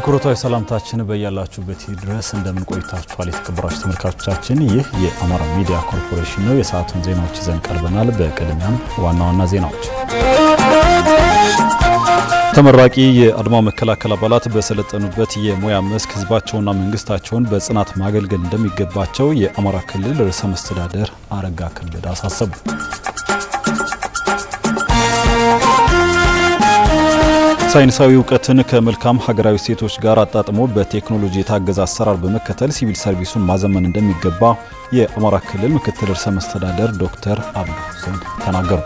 አክብሮታዊ ሰላምታችን በያላችሁበት ድረስ እንደምን ቆይታችኋል? የተከበራችሁ ተመልካቾቻችን፣ ይህ የአማራ ሚዲያ ኮርፖሬሽን ነው። የሰዓቱን ዜናዎች ይዘን ቀርበናል። በቅድሚያም ዋና ዋና ዜናዎች፣ ተመራቂ የአድማ መከላከል አባላት በሰለጠኑበት የሙያ መስክ ህዝባቸውና መንግስታቸውን በጽናት ማገልገል እንደሚገባቸው የአማራ ክልል ርዕሰ መስተዳደር አረጋ ከበደ አሳሰቡ። ሳይንሳዊ እውቀትን ከመልካም ሀገራዊ ሴቶች ጋር አጣጥሞ በቴክኖሎጂ የታገዘ አሰራር በመከተል ሲቪል ሰርቪሱን ማዘመን እንደሚገባ የአማራ ክልል ምክትል ርዕሰ መስተዳደር ዶክተር አብዱ ሁሴን ተናገሩ።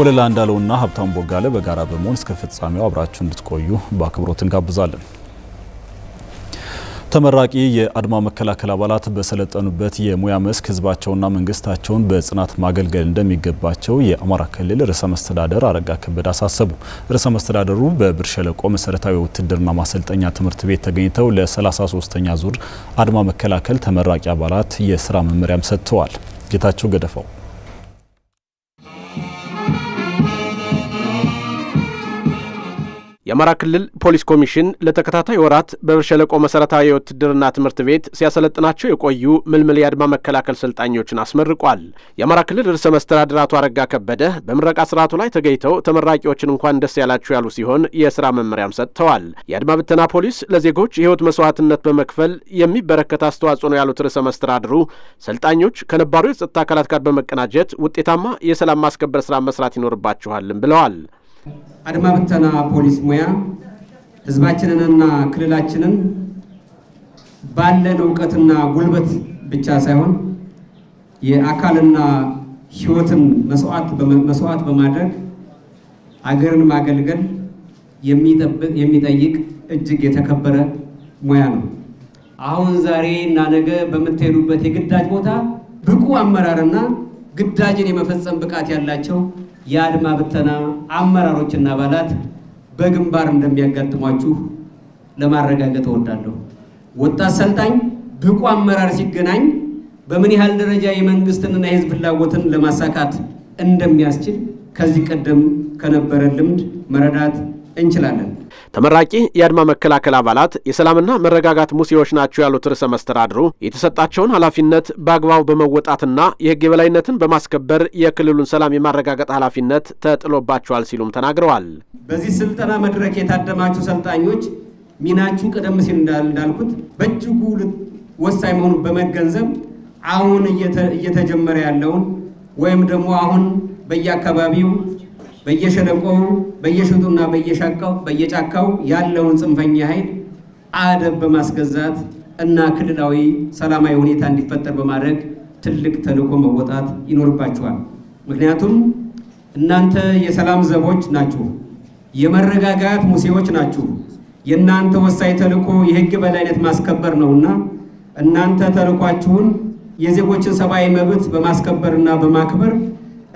ወለላ እንዳለውና ሀብታም ቦጋለ በጋራ በመሆን እስከ ፍጻሜው አብራችሁ እንድትቆዩ በአክብሮት እንጋብዛለን። ተመራቂ የአድማ መከላከል አባላት በሰለጠኑበት የሙያ መስክ ህዝባቸውና መንግስታቸውን በጽናት ማገልገል እንደሚገባቸው የአማራ ክልል ርዕሰ መስተዳደር አረጋ ከበደ አሳሰቡ። ርዕሰ መስተዳደሩ በብር ሸለቆ መሰረታዊ ውትድርና ማሰልጠኛ ትምህርት ቤት ተገኝተው ለ33ኛ ዙር አድማ መከላከል ተመራቂ አባላት የስራ መመሪያም ሰጥተዋል። ጌታቸው ገደፋው የአማራ ክልል ፖሊስ ኮሚሽን ለተከታታይ ወራት በሸለቆ መሰረታዊ የውትድርና ትምህርት ቤት ሲያሰለጥናቸው የቆዩ ምልምል የአድማ መከላከል ሰልጣኞችን አስመርቋል። የአማራ ክልል ርዕሰ መስተዳድር አቶ አረጋ ከበደ በምረቃ ስርዓቱ ላይ ተገኝተው ተመራቂዎችን እንኳን ደስ ያላችሁ ያሉ ሲሆን የስራ መመሪያም ሰጥተዋል። የአድማ ብተና ፖሊስ ለዜጎች የህይወት መስዋዕትነት በመክፈል የሚበረከት አስተዋጽኦ ነው ያሉት ርዕሰ መስተዳድሩ ሰልጣኞች ከነባሩ የጸጥታ አካላት ጋር በመቀናጀት ውጤታማ የሰላም ማስከበር ስራ መስራት ይኖርባችኋልም ብለዋል። አድማ ብተና ፖሊስ ሙያ ህዝባችንንና ክልላችንን ባለን እውቀትና ጉልበት ብቻ ሳይሆን የአካልና ህይወትን መስዋዕት በማድረግ አገርን ማገልገል የሚጠይቅ እጅግ የተከበረ ሙያ ነው። አሁን ዛሬ እና ነገ በምትሄዱበት የግዳጅ ቦታ ብቁ አመራርና ግዳጅን የመፈጸም ብቃት ያላቸው የአድማ ብተና አመራሮችና አባላት በግንባር እንደሚያጋጥሟችሁ ለማረጋገጥ እወዳለሁ። ወጣት ሰልጣኝ ብቁ አመራር ሲገናኝ በምን ያህል ደረጃ የመንግስትንና የህዝብ ፍላጎትን ለማሳካት እንደሚያስችል ከዚህ ቀደም ከነበረ ልምድ መረዳት እንችላለን። ተመራቂ የአድማ መከላከል አባላት የሰላምና መረጋጋት ሙሴዎች ናቸው ያሉት ርዕሰ መስተዳድሩ የተሰጣቸውን ኃላፊነት በአግባቡ በመወጣትና የህግ የበላይነትን በማስከበር የክልሉን ሰላም የማረጋገጥ ኃላፊነት ተጥሎባቸዋል ሲሉም ተናግረዋል። በዚህ ስልጠና መድረክ የታደማችሁ ሰልጣኞች ሚናችሁ ቀደም ሲል እንዳልኩት በእጅጉ ወሳኝ መሆኑን በመገንዘብ አሁን እየተጀመረ ያለውን ወይም ደግሞ አሁን በየአካባቢው በየሸለቆው በየሽጡና በየሻካው በየጫካው ያለውን ጽንፈኛ ኃይል አደብ በማስገዛት እና ክልላዊ ሰላማዊ ሁኔታ እንዲፈጠር በማድረግ ትልቅ ተልዕኮ መወጣት ይኖርባቸዋል። ምክንያቱም እናንተ የሰላም ዘቦች ናችሁ፣ የመረጋጋት ሙሴዎች ናችሁ። የእናንተ ወሳኝ ተልዕኮ የህግ በላይነት ማስከበር ነውና እናንተ ተልዕኳችሁን የዜጎችን ሰብአዊ መብት በማስከበርና በማክበር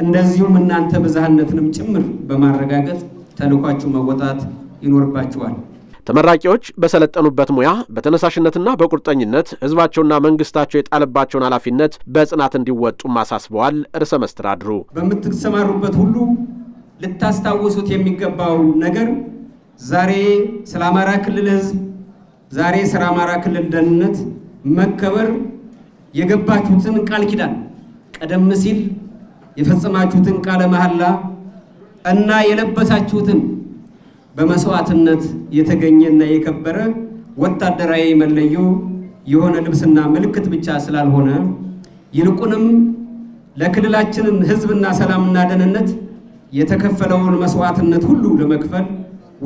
እንደዚሁም እናንተ ብዝሃነትንም ጭምር በማረጋገጥ ተልኳችሁ መወጣት ይኖርባችኋል። ተመራቂዎች በሰለጠኑበት ሙያ በተነሳሽነትና በቁርጠኝነት ህዝባቸውና መንግስታቸው የጣለባቸውን ኃላፊነት በጽናት እንዲወጡም አሳስበዋል። ርዕሰ መስተዳድሩ በምትሰማሩበት ሁሉ ልታስታውሱት የሚገባው ነገር ዛሬ ስለ አማራ ክልል ህዝብ፣ ዛሬ ስለ አማራ ክልል ደህንነት መከበር የገባችሁትን ቃል ኪዳን ቀደም ሲል የፈጸማችሁትን ቃለ መሐላ እና የለበሳችሁትን በመስዋዕትነት የተገኘና የከበረ ወታደራዊ መለዮ የሆነ ልብስና ምልክት ብቻ ስላልሆነ ይልቁንም ለክልላችንን ሕዝብና ሰላምና ደህንነት የተከፈለውን መስዋዕትነት ሁሉ ለመክፈል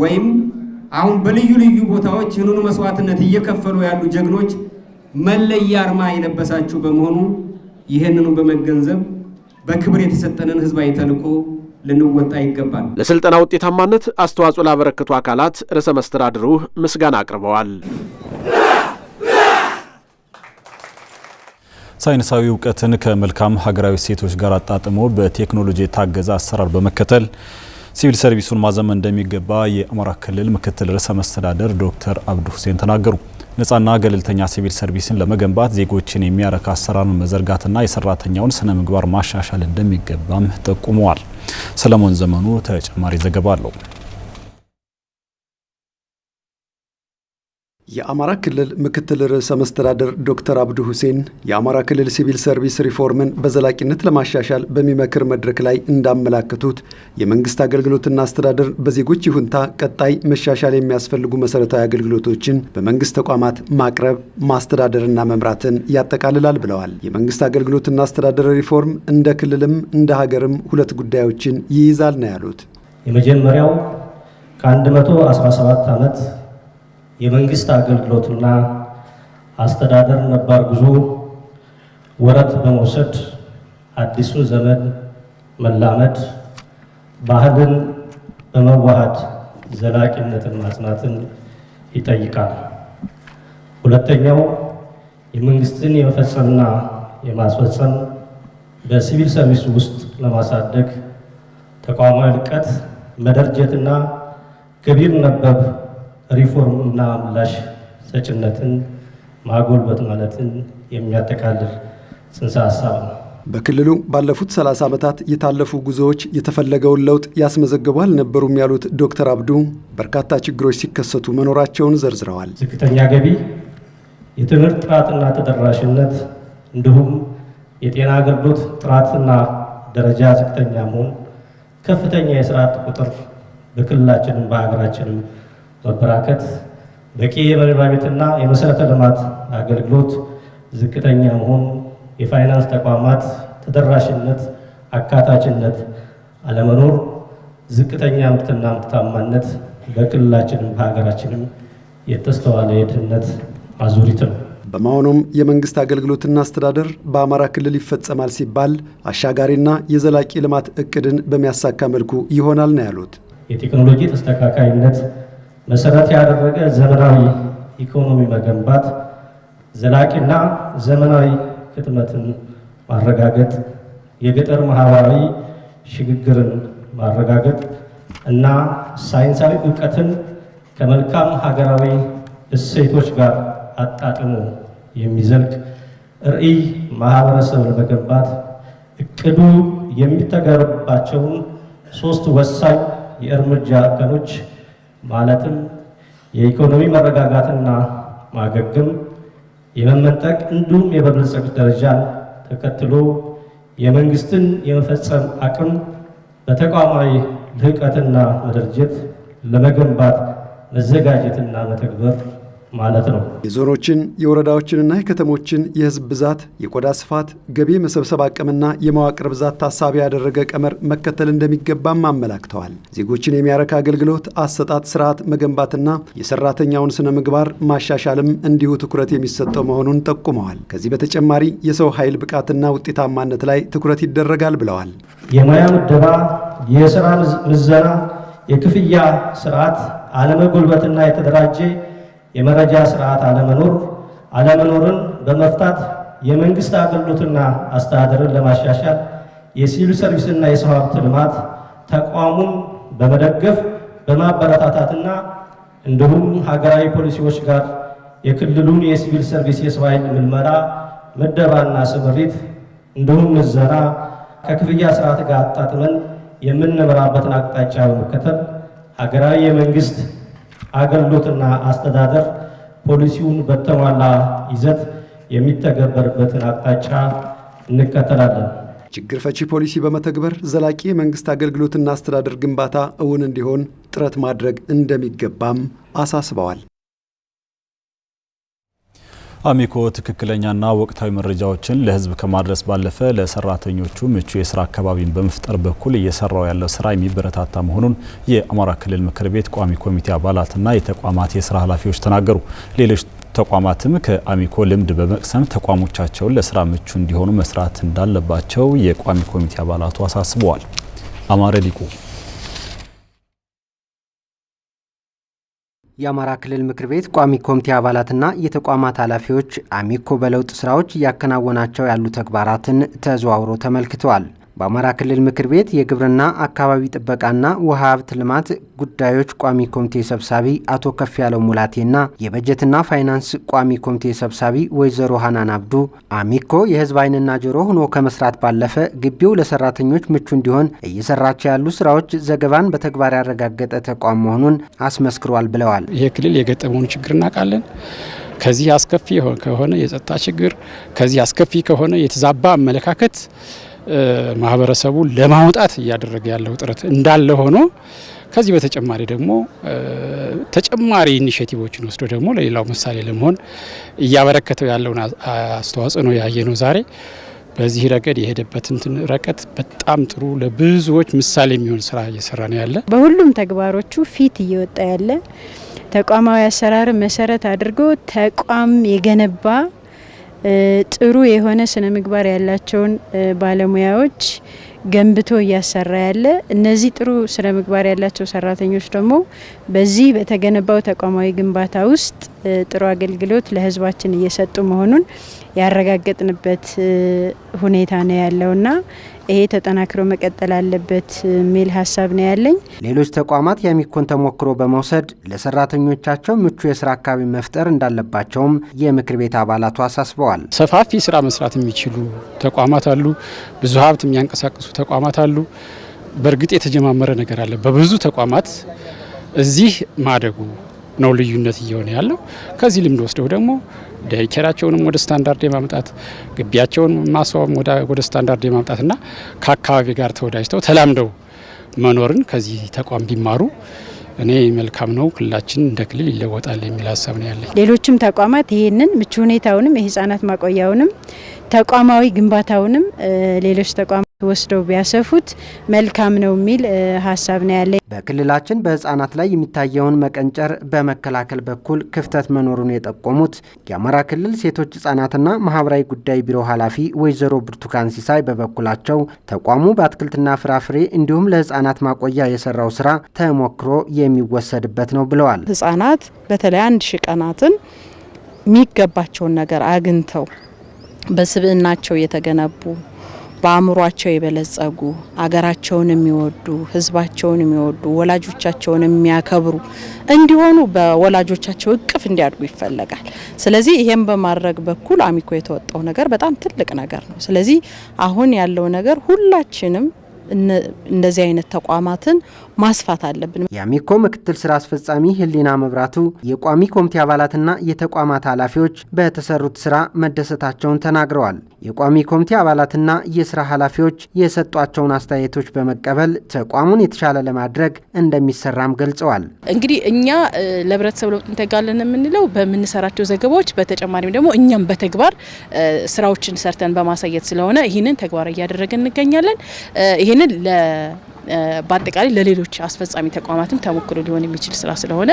ወይም አሁን በልዩ ልዩ ቦታዎች ይህንኑ መስዋዕትነት እየከፈሉ ያሉ ጀግኖች መለያ አርማ የለበሳችሁ በመሆኑ ይህንኑ በመገንዘብ በክብር የተሰጠንን ህዝባዊ ተልዕኮ ልንወጣ ይገባል። ለስልጠና ውጤታማነት አስተዋጽኦ ላበረከቱ አካላት ርዕሰ መስተዳድሩ ምስጋና አቅርበዋል። ሳይንሳዊ እውቀትን ከመልካም ሀገራዊ ሴቶች ጋር አጣጥሞ በቴክኖሎጂ የታገዘ አሰራር በመከተል ሲቪል ሰርቪሱን ማዘመን እንደሚገባ የአማራ ክልል ምክትል ርዕሰ መስተዳደር ዶክተር አብዱ ሁሴን ተናገሩ። ነጻና ገለልተኛ ሲቪል ሰርቪስን ለመገንባት ዜጎችን የሚያረካ አሰራርን መዘርጋትና የሰራተኛውን ስነ ምግባር ማሻሻል እንደሚገባም ጠቁመዋል። ሰለሞን ዘመኑ ተጨማሪ ዘገባ አለው። የአማራ ክልል ምክትል ርዕሰ መስተዳደር ዶክተር አብዱ ሁሴን የአማራ ክልል ሲቪል ሰርቪስ ሪፎርምን በዘላቂነት ለማሻሻል በሚመክር መድረክ ላይ እንዳመላከቱት የመንግስት አገልግሎትና አስተዳደር በዜጎች ይሁንታ ቀጣይ መሻሻል የሚያስፈልጉ መሰረታዊ አገልግሎቶችን በመንግስት ተቋማት ማቅረብ ማስተዳደርና መምራትን ያጠቃልላል ብለዋል። የመንግስት አገልግሎትና አስተዳደር ሪፎርም እንደ ክልልም እንደ ሀገርም ሁለት ጉዳዮችን ይይዛል ነው ያሉት። የመጀመሪያው ከ117 ዓመት የመንግስት አገልግሎትና አስተዳደር ነባር ጉዞ ወረት በመውሰድ አዲሱን ዘመን መላመድ ባህልን በመዋሃድ ዘላቂነትን ማጽናትን ይጠይቃል። ሁለተኛው የመንግስትን የመፈጸምና የማስፈጸም በሲቪል ሰርቪስ ውስጥ ለማሳደግ ተቋማዊ ልቀት መደርጀትና ገቢር ነበብ ሪፎርም እና ምላሽ ሰጭነትን ማጎልበት ማለትን የሚያጠቃልል ጽንሰ ሀሳብ ነው። በክልሉ ባለፉት 30 ዓመታት የታለፉ ጉዞዎች የተፈለገውን ለውጥ ያስመዘገቡ አልነበሩም ያሉት ዶክተር አብዱ በርካታ ችግሮች ሲከሰቱ መኖራቸውን ዘርዝረዋል። ዝቅተኛ ገቢ፣ የትምህርት ጥራትና ተደራሽነት እንዲሁም የጤና አገልግሎት ጥራትና ደረጃ ዝቅተኛ መሆን፣ ከፍተኛ የስራ አጥ ቁጥር በክልላችንም በሀገራችንም መበራከት፣ በቂ የመኖሪያ ቤትና የመሰረተ ልማት አገልግሎት ዝቅተኛ መሆን፣ የፋይናንስ ተቋማት ተደራሽነት፣ አካታችነት አለመኖር፣ ዝቅተኛ ምርትና ምርታማነት በክልላችንም በሀገራችንም የተስተዋለ የድህነት አዙሪት ነው። በመሆኑም የመንግስት አገልግሎትና አስተዳደር በአማራ ክልል ይፈጸማል ሲባል አሻጋሪና የዘላቂ ልማት እቅድን በሚያሳካ መልኩ ይሆናል ነው ያሉት። የቴክኖሎጂ ተስተካካይነት መሰረት ያደረገ ዘመናዊ ኢኮኖሚ መገንባት፣ ዘላቂና ዘመናዊ ህትመትን ማረጋገጥ፣ የገጠር ማህበራዊ ሽግግርን ማረጋገጥ እና ሳይንሳዊ እውቀትን ከመልካም ሀገራዊ እሴቶች ጋር አጣጥሞ የሚዘልቅ ርዕይ ማህበረሰብ መገንባት እቅዱ የሚተገበርባቸውን ሶስት ወሳኝ የእርምጃ እርከኖች ማለትም የኢኮኖሚ መረጋጋትና ማገግም፣ የመመንጠቅ እንዲሁም የመበልጸግ ደረጃን ተከትሎ የመንግስትን የመፈጸም አቅም በተቋማዊ ልህቀትና መደርጀት ለመገንባት መዘጋጀትና መተግበር ማለት ነው። የዞኖችን የወረዳዎችንና የከተሞችን የህዝብ ብዛት፣ የቆዳ ስፋት፣ ገቢ መሰብሰብ አቅምና የመዋቅር ብዛት ታሳቢ ያደረገ ቀመር መከተል እንደሚገባም አመላክተዋል። ዜጎችን የሚያረካ አገልግሎት አሰጣጥ ስርዓት መገንባትና የሰራተኛውን ስነ ምግባር ማሻሻልም እንዲሁ ትኩረት የሚሰጠው መሆኑን ጠቁመዋል። ከዚህ በተጨማሪ የሰው ኃይል ብቃትና ውጤታማነት ላይ ትኩረት ይደረጋል ብለዋል። የሙያ ምደባ፣ የስራ ምዘና፣ የክፍያ ስርዓት አለመጎልበትና የተደራጀ የመረጃ ስርዓት አለመኖር አለመኖርን በመፍታት የመንግስት አገልግሎትና አስተዳደርን ለማሻሻል የሲቪል ሰርቪስና የሰው ሀብት ልማት ተቋሙን በመደገፍ በማበረታታትና እንዲሁም ሀገራዊ ፖሊሲዎች ጋር የክልሉን የሲቪል ሰርቪስ የሰው ኃይል ምልመራ ምደባና ስምሪት እንዲሁም ምዘና ከክፍያ ስርዓት ጋር አጣጥመን የምንመራበትን አቅጣጫ በመከተል ሀገራዊ የመንግስት አገልግሎትና አስተዳደር ፖሊሲውን በተሟላ ይዘት የሚተገበርበትን አቅጣጫ እንከተላለን። ችግር ፈቺ ፖሊሲ በመተግበር ዘላቂ የመንግስት አገልግሎትና አስተዳደር ግንባታ እውን እንዲሆን ጥረት ማድረግ እንደሚገባም አሳስበዋል። አሚኮ ትክክለኛና ወቅታዊ መረጃዎችን ለህዝብ ከማድረስ ባለፈ ለሰራተኞቹ ምቹ የስራ አካባቢን በመፍጠር በኩል እየሰራው ያለው ስራ የሚበረታታ መሆኑን የአማራ ክልል ምክር ቤት ቋሚ ኮሚቴ አባላትና የተቋማት የስራ ኃላፊዎች ተናገሩ። ሌሎች ተቋማትም ከአሚኮ ልምድ በመቅሰም ተቋሞቻቸውን ለስራ ምቹ እንዲሆኑ መስራት እንዳለባቸው የቋሚ ኮሚቴ አባላቱ አሳስበዋል። አማረ ሊቁ የአማራ ክልል ምክር ቤት ቋሚ ኮሚቴ አባላትና የተቋማት ኃላፊዎች አሚኮ በለውጥ ስራዎች እያከናወናቸው ያሉ ተግባራትን ተዘዋውሮ ተመልክተዋል። በአማራ ክልል ምክር ቤት የግብርና አካባቢ ጥበቃና ውሃ ሀብት ልማት ጉዳዮች ቋሚ ኮሚቴ ሰብሳቢ አቶ ከፍ ያለው ሙላቴና የበጀትና ፋይናንስ ቋሚ ኮሚቴ ሰብሳቢ ወይዘሮ ሀናን አብዱ አሚኮ የህዝብ አይንና ጆሮ ሆኖ ከመስራት ባለፈ ግቢው ለሰራተኞች ምቹ እንዲሆን እየሰራቸው ያሉ ስራዎች ዘገባን በተግባር ያረጋገጠ ተቋም መሆኑን አስመስክሯል ብለዋል። ይሄ ክልል የገጠመውን ችግር እናውቃለን። ከዚህ አስከፊ ከሆነ የጸጥታ ችግር ከዚህ አስከፊ ከሆነ የተዛባ አመለካከት ማህበረሰቡ ለማውጣት እያደረገ ያለው ጥረት እንዳለ ሆኖ ከዚህ በተጨማሪ ደግሞ ተጨማሪ ኢኒሽቲቮችን ወስዶ ደግሞ ለሌላው ምሳሌ ለመሆን እያበረከተው ያለውን አስተዋጽኦ ነው ያየነው ዛሬ። በዚህ ረገድ የሄደበት እንትን ረቀት በጣም ጥሩ ለብዙዎች ምሳሌ የሚሆን ስራ እየሰራ ነው ያለ። በሁሉም ተግባሮቹ ፊት እየወጣ ያለ ተቋማዊ አሰራር መሰረት አድርጎ ተቋም የገነባ ጥሩ የሆነ ስነ ምግባር ያላቸውን ባለሙያዎች ገንብቶ እያሰራ ያለ እነዚህ ጥሩ ስነ ምግባር ያላቸው ሰራተኞች ደግሞ በዚህ በተገነባው ተቋማዊ ግንባታ ውስጥ ጥሩ አገልግሎት ለህዝባችን እየሰጡ መሆኑን ያረጋገጥንበት ሁኔታ ነው ያለውና ይሄ ተጠናክሮ መቀጠል አለበት የሚል ሀሳብ ነው ያለኝ። ሌሎች ተቋማት የሚኮን ተሞክሮ በመውሰድ ለሰራተኞቻቸው ምቹ የስራ አካባቢ መፍጠር እንዳለባቸውም የምክር ቤት አባላቱ አሳስበዋል። ሰፋፊ ስራ መስራት የሚችሉ ተቋማት አሉ። ብዙ ሀብት የሚያንቀሳቅሱ ተቋማት አሉ። በእርግጥ የተጀማመረ ነገር አለ በብዙ ተቋማት እዚህ ማደጉ ነው ልዩነት እየሆነ ያለው። ከዚህ ልምድ ወስደው ደግሞ ዳይቸራቸውንም ወደ ስታንዳርድ የማምጣት ግቢያቸውን ማስዋብም ወደ ስታንዳርድ የማምጣትና ከአካባቢ ጋር ተወዳጅተው ተላምደው መኖርን ከዚህ ተቋም ቢማሩ እኔ መልካም ነው። ክልላችን እንደ ክልል ይለወጣል የሚል ሀሳብ ነው ያለኝ። ሌሎችም ተቋማት ይህንን ምቹ ሁኔታውንም የህጻናት ማቆያውንም ተቋማዊ ግንባታውንም ሌሎች ተቋማት ወስደው ቢያሰፉት መልካም ነው የሚል ሀሳብ ነው ያለኝ። በክልላችን በህጻናት ላይ የሚታየውን መቀንጨር በመከላከል በኩል ክፍተት መኖሩን የጠቆሙት የአማራ ክልል ሴቶች ህጻናትና ማህበራዊ ጉዳይ ቢሮ ኃላፊ ወይዘሮ ብርቱካን ሲሳይ በበኩላቸው ተቋሙ በአትክልትና ፍራፍሬ እንዲሁም ለህጻናት ማቆያ የሰራው ስራ ተሞክሮ የሚወሰድበት ነው ብለዋል። ህጻናት በተለይ አንድ ሺ ቀናትን የሚገባቸውን ነገር አግኝተው በስብዕናቸው የተገነቡ በአእምሯቸው የበለጸጉ አገራቸውን የሚወዱ ህዝባቸውን የሚወዱ ወላጆቻቸውን የሚያከብሩ እንዲሆኑ በወላጆቻቸው እቅፍ እንዲያድጉ ይፈለጋል። ስለዚህ ይሄን በማድረግ በኩል አሚኮ የተወጣው ነገር በጣም ትልቅ ነገር ነው። ስለዚህ አሁን ያለው ነገር ሁላችንም እንደዚህ አይነት ተቋማትን ማስፋት አለብን። የአሚኮ ምክትል ስራ አስፈጻሚ ህሊና መብራቱ የቋሚ ኮሚቴ አባላትና የተቋማት ኃላፊዎች በተሰሩት ስራ መደሰታቸውን ተናግረዋል። የቋሚ ኮሚቴ አባላትና የስራ ኃላፊዎች የሰጧቸውን አስተያየቶች በመቀበል ተቋሙን የተሻለ ለማድረግ እንደሚሰራም ገልጸዋል። እንግዲህ እኛ ለህብረተሰብ ለውጥ እንተጋለን የምንለው በምንሰራቸው ዘገባዎች፣ በተጨማሪም ደግሞ እኛም በተግባር ስራዎችን ሰርተን በማሳየት ስለሆነ ይህንን ተግባራዊ እያደረግን እንገኛለን። ይህንን በአጠቃላይ ለሌሎች አስፈጻሚ ተቋማትም ተሞክሮ ሊሆን የሚችል ስራ ስለሆነ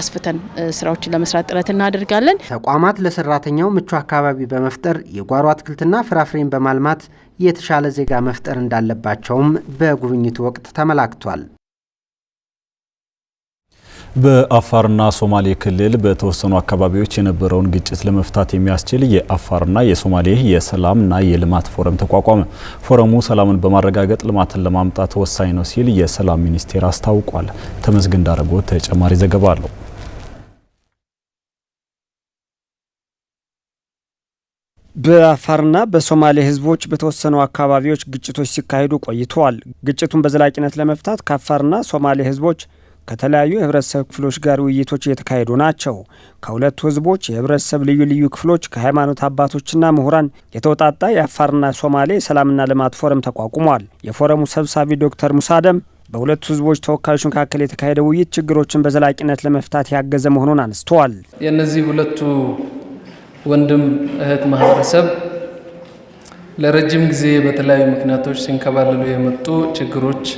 አስፍተን ስራዎችን ለመስራት ጥረት እናደርጋለን። ተቋማት ለሰራተኛው ምቹ አካባቢ በመፍጠር የጓሮ አትክልትና ፍራፍሬን በማልማት የተሻለ ዜጋ መፍጠር እንዳለባቸውም በጉብኝቱ ወቅት ተመላክቷል። በአፋርና ሶማሌ ክልል በተወሰኑ አካባቢዎች የነበረውን ግጭት ለመፍታት የሚያስችል የአፋርና የሶማሌ የሰላምና የልማት ፎረም ተቋቋመ። ፎረሙ ሰላምን በማረጋገጥ ልማትን ለማምጣት ወሳኝ ነው ሲል የሰላም ሚኒስቴር አስታውቋል። ተመስገን ዳረጎ ተጨማሪ ዘገባ አለው። በአፋርና በሶማሌ ህዝቦች በተወሰኑ አካባቢዎች ግጭቶች ሲካሄዱ ቆይተዋል። ግጭቱን በዘላቂነት ለመፍታት ከአፋርና ሶማሌ ህዝቦች ከተለያዩ የህብረተሰብ ክፍሎች ጋር ውይይቶች እየተካሄዱ ናቸው። ከሁለቱ ህዝቦች የህብረተሰብ ልዩ ልዩ ክፍሎች ከሃይማኖት አባቶችና ምሁራን የተውጣጣ የአፋርና ሶማሌ የሰላምና ልማት ፎረም ተቋቁሟል። የፎረሙ ሰብሳቢ ዶክተር ሙሳደም በሁለቱ ህዝቦች ተወካዮች መካከል የተካሄደ ውይይት ችግሮችን በዘላቂነት ለመፍታት ያገዘ መሆኑን አንስተዋል። የእነዚህ ሁለቱ ወንድም እህት ማህበረሰብ ለረጅም ጊዜ በተለያዩ ምክንያቶች ሲንከባለሉ የመጡ ችግሮች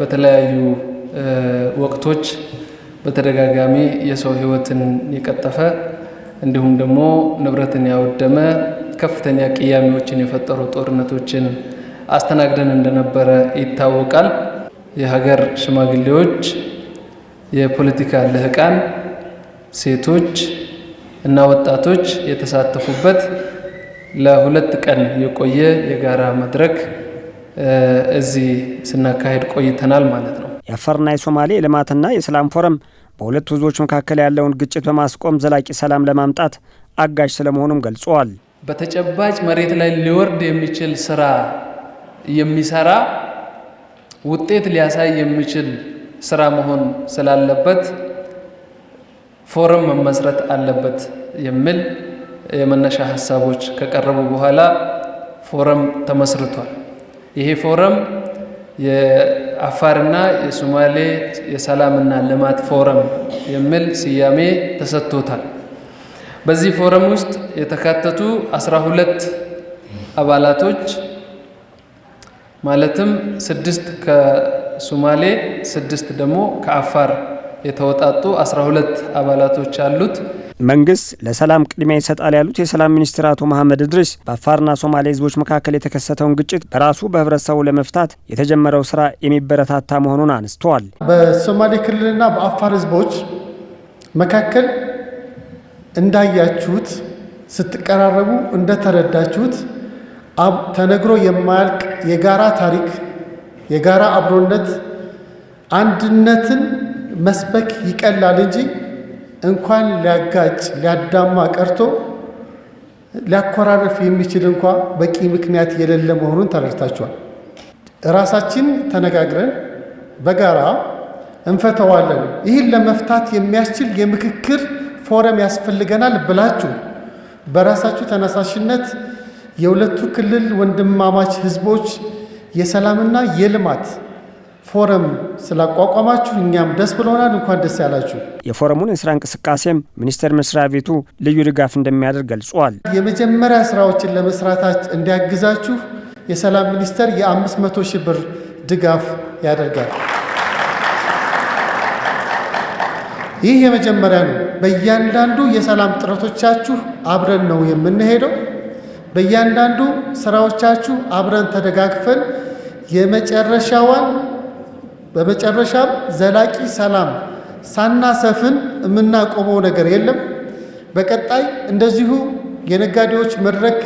በተለያዩ ወቅቶች በተደጋጋሚ የሰው ህይወትን የቀጠፈ እንዲሁም ደግሞ ንብረትን ያወደመ ከፍተኛ ቅያሜዎችን የፈጠሩ ጦርነቶችን አስተናግደን እንደነበረ ይታወቃል። የሀገር ሽማግሌዎች፣ የፖለቲካ ልህቃን፣ ሴቶች እና ወጣቶች የተሳተፉበት ለሁለት ቀን የቆየ የጋራ መድረክ እዚህ ስናካሄድ ቆይተናል ማለት ነው። የአፋርና የሶማሌ የልማትና የሰላም ፎረም በሁለቱ ህዝቦች መካከል ያለውን ግጭት በማስቆም ዘላቂ ሰላም ለማምጣት አጋዥ ስለመሆኑም ገልጸዋል። በተጨባጭ መሬት ላይ ሊወርድ የሚችል ስራ የሚሰራ ውጤት ሊያሳይ የሚችል ስራ መሆን ስላለበት ፎረም መመስረት አለበት የሚል የመነሻ ሀሳቦች ከቀረቡ በኋላ ፎረም ተመስርቷል። ይሄ ፎረም የአፋርና የሶማሌ የሰላምና ልማት ፎረም የሚል ስያሜ ተሰጥቶታል። በዚህ ፎረም ውስጥ የተካተቱ አስራ ሁለት አባላቶች ማለትም ስድስት ከሶማሌ ስድስት ደግሞ ከአፋር የተወጣጡ አስራ ሁለት አባላቶች አሉት። መንግስት ለሰላም ቅድሚያ ይሰጣል ያሉት የሰላም ሚኒስትር አቶ መሐመድ እድሪስ በአፋርና ሶማሌ ህዝቦች መካከል የተከሰተውን ግጭት በራሱ በህብረተሰቡ ለመፍታት የተጀመረው ስራ የሚበረታታ መሆኑን አንስተዋል። በሶማሌ ክልልና በአፋር ህዝቦች መካከል እንዳያችሁት ስትቀራረቡ እንደተረዳችሁት ተነግሮ የማያልቅ የጋራ ታሪክ፣ የጋራ አብሮነት፣ አንድነትን መስበክ ይቀላል እንጂ እንኳን ሊያጋጭ ሊያዳማ ቀርቶ ሊያኮራረፍ የሚችል እንኳ በቂ ምክንያት የሌለ መሆኑን ተረድታችኋል። ራሳችን ተነጋግረን በጋራ እንፈተዋለን፣ ይህን ለመፍታት የሚያስችል የምክክር ፎረም ያስፈልገናል ብላችሁ በራሳችሁ ተነሳሽነት የሁለቱ ክልል ወንድማማች ህዝቦች የሰላምና የልማት ፎረም ስላቋቋማችሁ እኛም ደስ ብሎናል። እንኳን ደስ ያላችሁ። የፎረሙን የስራ እንቅስቃሴም ሚኒስቴር መስሪያ ቤቱ ልዩ ድጋፍ እንደሚያደርግ ገልጿል። የመጀመሪያ ስራዎችን ለመስራታች እንዲያግዛችሁ የሰላም ሚኒስቴር የ500 ሺህ ብር ድጋፍ ያደርጋል። ይህ የመጀመሪያ ነው። በእያንዳንዱ የሰላም ጥረቶቻችሁ አብረን ነው የምንሄደው። በእያንዳንዱ ስራዎቻችሁ አብረን ተደጋግፈን የመጨረሻዋን በመጨረሻም ዘላቂ ሰላም ሳናሰፍን የምናቆመው ነገር የለም። በቀጣይ እንደዚሁ የነጋዴዎች መድረክ፣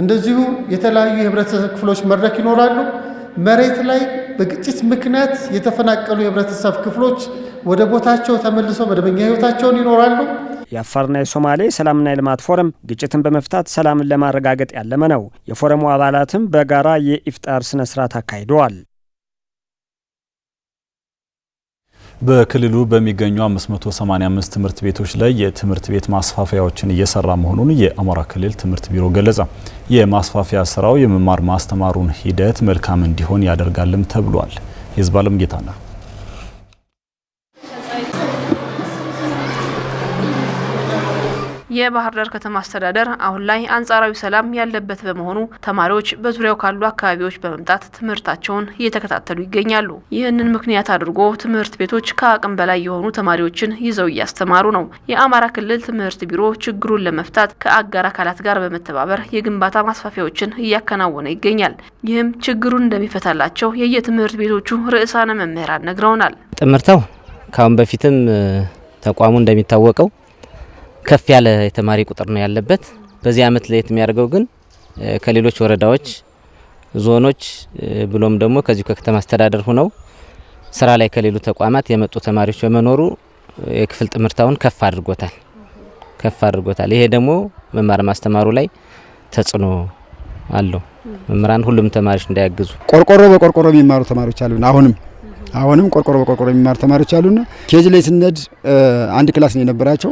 እንደዚሁ የተለያዩ የህብረተሰብ ክፍሎች መድረክ ይኖራሉ። መሬት ላይ በግጭት ምክንያት የተፈናቀሉ የህብረተሰብ ክፍሎች ወደ ቦታቸው ተመልሰው መደበኛ ህይወታቸውን ይኖራሉ። የአፋርና የሶማሌ ሰላምና የልማት ፎረም ግጭትን በመፍታት ሰላምን ለማረጋገጥ ያለመ ነው። የፎረሙ አባላትም በጋራ የኢፍጣር ስነ ስርዓት አካሂደዋል። በክልሉ በሚገኙ 585 ትምህርት ቤቶች ላይ የትምህርት ቤት ማስፋፊያዎችን እየሰራ መሆኑን የአማራ ክልል ትምህርት ቢሮ ገለጸ። የማስፋፊያ ስራው የመማር ማስተማሩን ሂደት መልካም እንዲሆን ያደርጋልም ተብሏል። የህዝብ አለም ጌታና የባህር ዳር ከተማ አስተዳደር አሁን ላይ አንጻራዊ ሰላም ያለበት በመሆኑ ተማሪዎች በዙሪያው ካሉ አካባቢዎች በመምጣት ትምህርታቸውን እየተከታተሉ ይገኛሉ። ይህንን ምክንያት አድርጎ ትምህርት ቤቶች ከአቅም በላይ የሆኑ ተማሪዎችን ይዘው እያስተማሩ ነው። የአማራ ክልል ትምህርት ቢሮ ችግሩን ለመፍታት ከአጋር አካላት ጋር በመተባበር የግንባታ ማስፋፊያዎችን እያከናወነ ይገኛል። ይህም ችግሩን እንደሚፈታላቸው የየትምህርት ቤቶቹ ርዕሳነ መምህራን ነግረውናል። ትምህርተው ከአሁን በፊትም ተቋሙ እንደሚታወቀው ከፍ ያለ የተማሪ ቁጥር ነው ያለበት። በዚህ አመት ለየት የሚያደርገው ግን ከሌሎች ወረዳዎች፣ ዞኖች ብሎም ደግሞ ከዚሁ ከከተማ አስተዳደር ሆነው ስራ ላይ ከሌሉ ተቋማት የመጡ ተማሪዎች በመኖሩ የክፍል ጥምርታውን ከፍ አድርጎታል ከፍ አድርጎታል። ይሄ ደግሞ መማር ማስተማሩ ላይ ተጽዕኖ አለው። መምህራን ሁሉም ተማሪዎች እንዳያግዙ ቆርቆሮ በቆርቆሮ የሚማሩ ተማሪዎች አሉ። አሁንም አሁንም ቆርቆሮ በቆርቆሮ የሚማሩ ተማሪዎች አሉና ኬጅ ላይ ስነድ አንድ ክላስ ነው የነበራቸው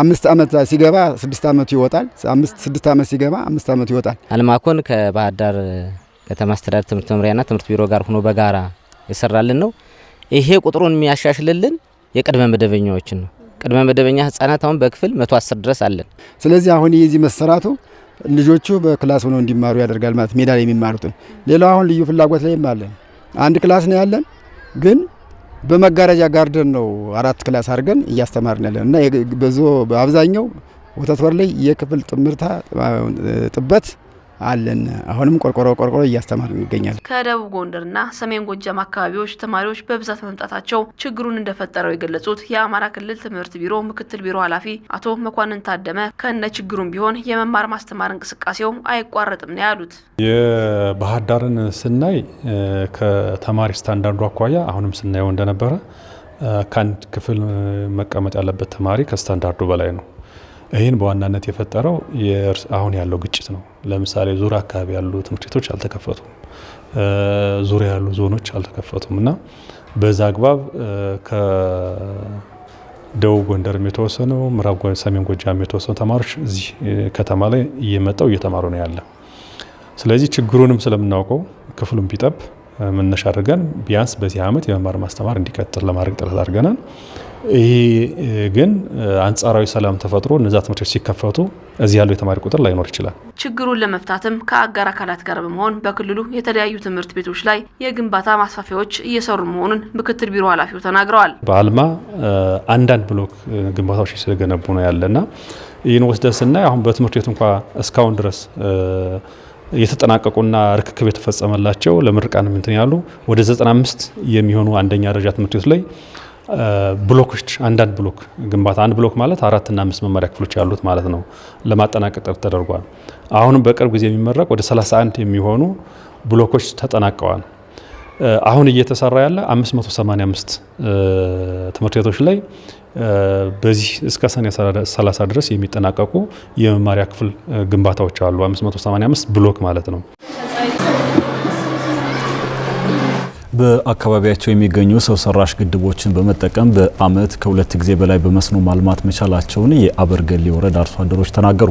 አምስት ዓመት ሲገባ ስድስት ዓመቱ ይወጣል። አምስት ስድስት ዓመት ሲገባ አምስት ዓመቱ ይወጣል። አልማኮን ከባህር ዳር ከተማ አስተዳደር ትምህርት መምሪያና ትምህርት ቢሮ ጋር ሆኖ በጋራ የሰራልን ነው። ይሄ ቁጥሩን የሚያሻሽልልን የቅድመ መደበኛዎችን ነው። ቅድመ መደበኛ ህጻናት አሁን በክፍል 110 ድረስ አለን። ስለዚህ አሁን የዚህ መሰራቱ ልጆቹ በክላስ ሆነው እንዲማሩ ያደርጋል ማለት ሜዳ ላይ የሚማሩትን። ሌላው አሁን ልዩ ፍላጎት ላይም አለን። አንድ ክላስ ነው ያለን ግን በመጋረጃ ጋርደን ነው አራት ክላስ አድርገን እያስተማርን ያለን እና በዞ በአብዛኛው ወተት ወር ላይ የክፍል ጥምርታ ጥበት አለን። አሁንም ቆርቆሮ ቆርቆሮ እያስተማር ይገኛል። ከደቡብ ጎንደርና ሰሜን ጎጃም አካባቢዎች ተማሪዎች በብዛት መምጣታቸው ችግሩን እንደፈጠረው የገለጹት የአማራ ክልል ትምህርት ቢሮ ምክትል ቢሮ ኃላፊ አቶ መኳንን ታደመ ከነ ችግሩም ቢሆን የመማር ማስተማር እንቅስቃሴው አይቋረጥም ነው ያሉት። የባህር ዳርን ስናይ ከተማሪ ስታንዳርዱ አኳያ አሁንም ስናየው እንደነበረ ከአንድ ክፍል መቀመጥ ያለበት ተማሪ ከስታንዳርዱ በላይ ነው። ይህን በዋናነት የፈጠረው አሁን ያለው ግጭት ነው። ለምሳሌ ዙር አካባቢ ያሉ ትምህርት ቤቶች አልተከፈቱም፣ ዙሪያ ያሉ ዞኖች አልተከፈቱም እና በዛ አግባብ ከደቡብ ጎንደርም የተወሰነው ምዕራብ ሰሜን ጎጃም የተወሰኑ ተማሪዎች እዚህ ከተማ ላይ እየመጣው እየተማሩ ነው ያለ። ስለዚህ ችግሩንም ስለምናውቀው ክፍሉም ቢጠብ መነሻ አድርገን ቢያንስ በዚህ ዓመት የመማር ማስተማር እንዲቀጥል ለማድረግ ጥረት አድርገናል። ይሄ ግን አንጻራዊ ሰላም ተፈጥሮ እነዛ ትምህርቶች ሲከፈቱ እዚህ ያለው የተማሪ ቁጥር ላይኖር ይችላል። ችግሩን ለመፍታትም ከአጋር አካላት ጋር በመሆን በክልሉ የተለያዩ ትምህርት ቤቶች ላይ የግንባታ ማስፋፊያዎች እየሰሩ መሆኑን ምክትል ቢሮ ኃላፊው ተናግረዋል። በአልማ አንዳንድ ብሎክ ግንባታዎች እየተገነቡ ነው ያለና ይህን ወስደን ስናይ አሁን በትምህርት ቤቱ እንኳ እስካሁን ድረስ የተጠናቀቁና ርክክብ የተፈጸመላቸው ለምርቃን ምንትን ያሉ ወደ 95 የሚሆኑ አንደኛ ደረጃ ትምህርት ቤት ላይ ብሎኮች አንዳንድ ብሎክ ግንባታ አንድ ብሎክ ማለት አራትና አምስት መመሪያ ክፍሎች ያሉት ማለት ነው ለማጠናቀቅ ጥረት ተደርጓል። አሁንም በቅርብ ጊዜ የሚመረቅ ወደ 31 የሚሆኑ ብሎኮች ተጠናቀዋል። አሁን እየተሰራ ያለ 585 ትምህርት ቤቶች ላይ በዚህ እስከ ሰኔ 30 ድረስ የሚጠናቀቁ የመማሪያ ክፍል ግንባታዎች አሉ። 585 ብሎክ ማለት ነው። በአካባቢያቸው የሚገኙ ሰው ሰራሽ ግድቦችን በመጠቀም በዓመት ከሁለት ጊዜ በላይ በመስኖ ማልማት መቻላቸውን የአበርገሌ ወረዳ አርሶ አደሮች ተናገሩ።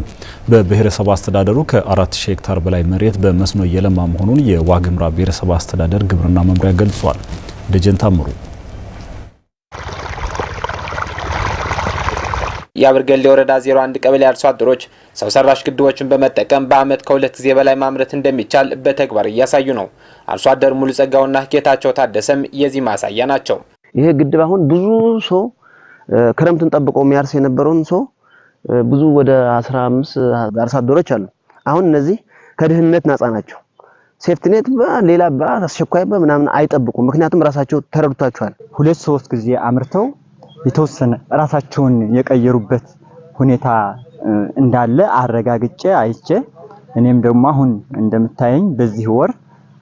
በብሔረሰብ አስተዳደሩ ከ4000 ሄክታር በላይ መሬት በመስኖ እየለማ መሆኑን የዋግምራ ብሔረሰብ አስተዳደር ግብርና መምሪያ ገልጿል። ደጀን ታምሩ የአበርገሌ ወረዳ 01 ቀበሌ አርሶ አደሮች ሰው ሰራሽ ግድቦችን በመጠቀም በአመት ከሁለት ጊዜ በላይ ማምረት እንደሚቻል በተግባር እያሳዩ ነው። አርሶ አደር ሙሉ ጸጋውና ጌታቸው ታደሰም የዚህ ማሳያ ናቸው። ይሄ ግድብ አሁን ብዙ ሰው ክረምትን ጠብቆ የሚያርስ የነበረውን ሰው ብዙ ወደ 15 አርሶ አደሮች አሉ። አሁን እነዚህ ከድህነት ናጻ ናቸው። ሴፍትኔት በሌላ በአስቸኳይ በምናምን አይጠብቁም። ምክንያቱም ራሳቸው ተረድቷቸዋል። ሁለት ሶስት ጊዜ አምርተው የተወሰነ ራሳቸውን የቀየሩበት ሁኔታ እንዳለ አረጋግጬ አይቼ እኔም ደግሞ አሁን እንደምታየኝ በዚህ ወር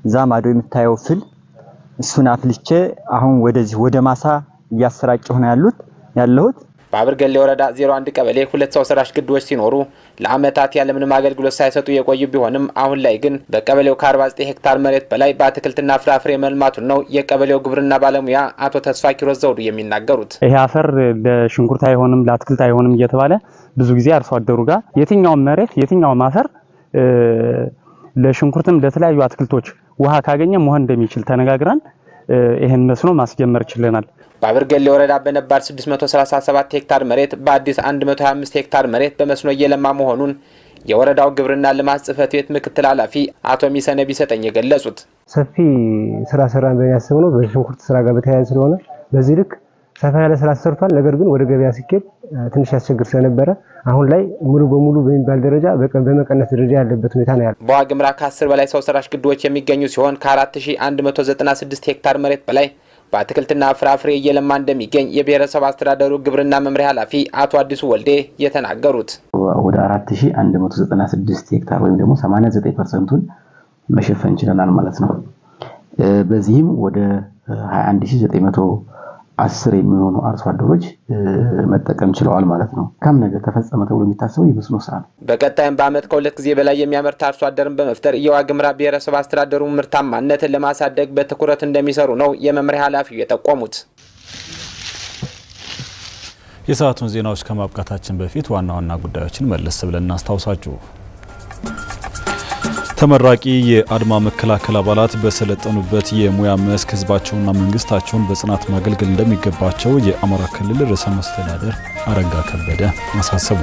እዛ ማዶ የምታየው ፍል እሱን አፍልቼ አሁን ወደዚህ ወደ ማሳ እያሰራጨሁ ነው ያሉት ያለሁት በአብርገሌ ወረዳ 01 ቀበሌ ሁለት ሰው ሰራሽ ግድቦች ሲኖሩ ለአመታት ያለምንም አገልግሎት ሳይሰጡ የቆዩ ቢሆንም አሁን ላይ ግን በቀበሌው ከ49 ሄክታር መሬት በላይ በአትክልትና ፍራፍሬ መልማቱን ነው የቀበሌው ግብርና ባለሙያ አቶ ተስፋ ኪሮስ ዘውዱ የሚናገሩት። ይሄ አፈር ለሽንኩርት አይሆንም፣ ለአትክልት አይሆንም እየተባለ ብዙ ጊዜ አርሶ አደሩ ጋር የትኛውም መሬት የትኛውም አፈር ለሽንኩርትም ለተለያዩ አትክልቶች ውሃ ካገኘ መሆን እንደሚችል ተነጋግረን ይህን መስኖ ማስጀመር ችለናል። በአብርገሌ ወረዳ በነባር 637 ሄክታር መሬት በአዲስ 125 ሄክታር መሬት በመስኖ እየለማ መሆኑን የወረዳው ግብርና ልማት ጽፈት ቤት ምክትል ኃላፊ አቶ ሚሰነ ቢሰጠኝ የገለጹት ሰፊ ስራ ሰራን በሚያስብ ነው። በሽንኩርት ስራ ጋር በተያያዘ ስለሆነ በዚህ ልክ ሰፋ ያለ ስራ ተሰርቷል። ነገር ግን ወደ ገበያ ሲኬድ ትንሽ ያስቸግር ስለነበረ አሁን ላይ ሙሉ በሙሉ በሚባል ደረጃ በመቀነስ ደረጃ ያለበት ሁኔታ ነው ያለው። በዋግምራ ከ10 በላይ ሰው ሰራሽ ግድቦች የሚገኙ ሲሆን ከ4196 ሄክታር መሬት በላይ በአትክልትና ፍራፍሬ እየለማ እንደሚገኝ የብሔረሰብ አስተዳደሩ ግብርና መምሪያ ኃላፊ አቶ አዲሱ ወልዴ የተናገሩት ወደ 4196 ሄክታር ወይም ደግሞ 89 ፐርሰንቱን መሸፈን ችለናል ማለት ነው። በዚህም ወደ 21900 አስር የሚሆኑ አርሶ አደሮች መጠቀም ችለዋል ማለት ነው። ከም ነገር ተፈጸመ ተብሎ የሚታሰበው የመስኖ ስራ ነው። በቀጣይም በአመት ከሁለት ጊዜ በላይ የሚያመርት አርሶ አደርን በመፍጠር የዋግ ብሔረሰብ አስተዳደሩ ምርታማነትን ለማሳደግ በትኩረት እንደሚሰሩ ነው የመምሪያ ኃላፊው የጠቆሙት። የሰዓቱን ዜናዎች ከማብቃታችን በፊት ዋና ዋና ጉዳዮችን መለስ ብለን እናስታውሳችሁ። ተመራቂ የአድማ መከላከል አባላት በሰለጠኑበት የሙያ መስክ ህዝባቸውና መንግስታቸውን በጽናት ማገልገል እንደሚገባቸው የአማራ ክልል ርዕሰ መስተዳደር አረጋ ከበደ አሳሰቡ።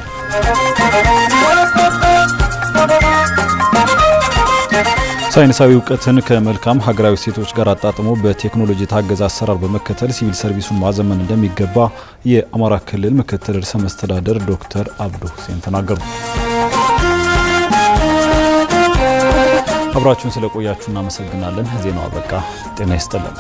ሳይንሳዊ እውቀትን ከመልካም ሀገራዊ ሴቶች ጋር አጣጥሞ በቴክኖሎጂ የታገዘ አሰራር በመከተል ሲቪል ሰርቪሱን ማዘመን እንደሚገባ የአማራ ክልል ምክትል ርዕሰ መስተዳደር ዶክተር አብዱ ሁሴን ተናገሩ። አብራችሁን ስለቆያችሁ እናመሰግናለን። ዜናው አበቃ። ጤና ይስጥልን።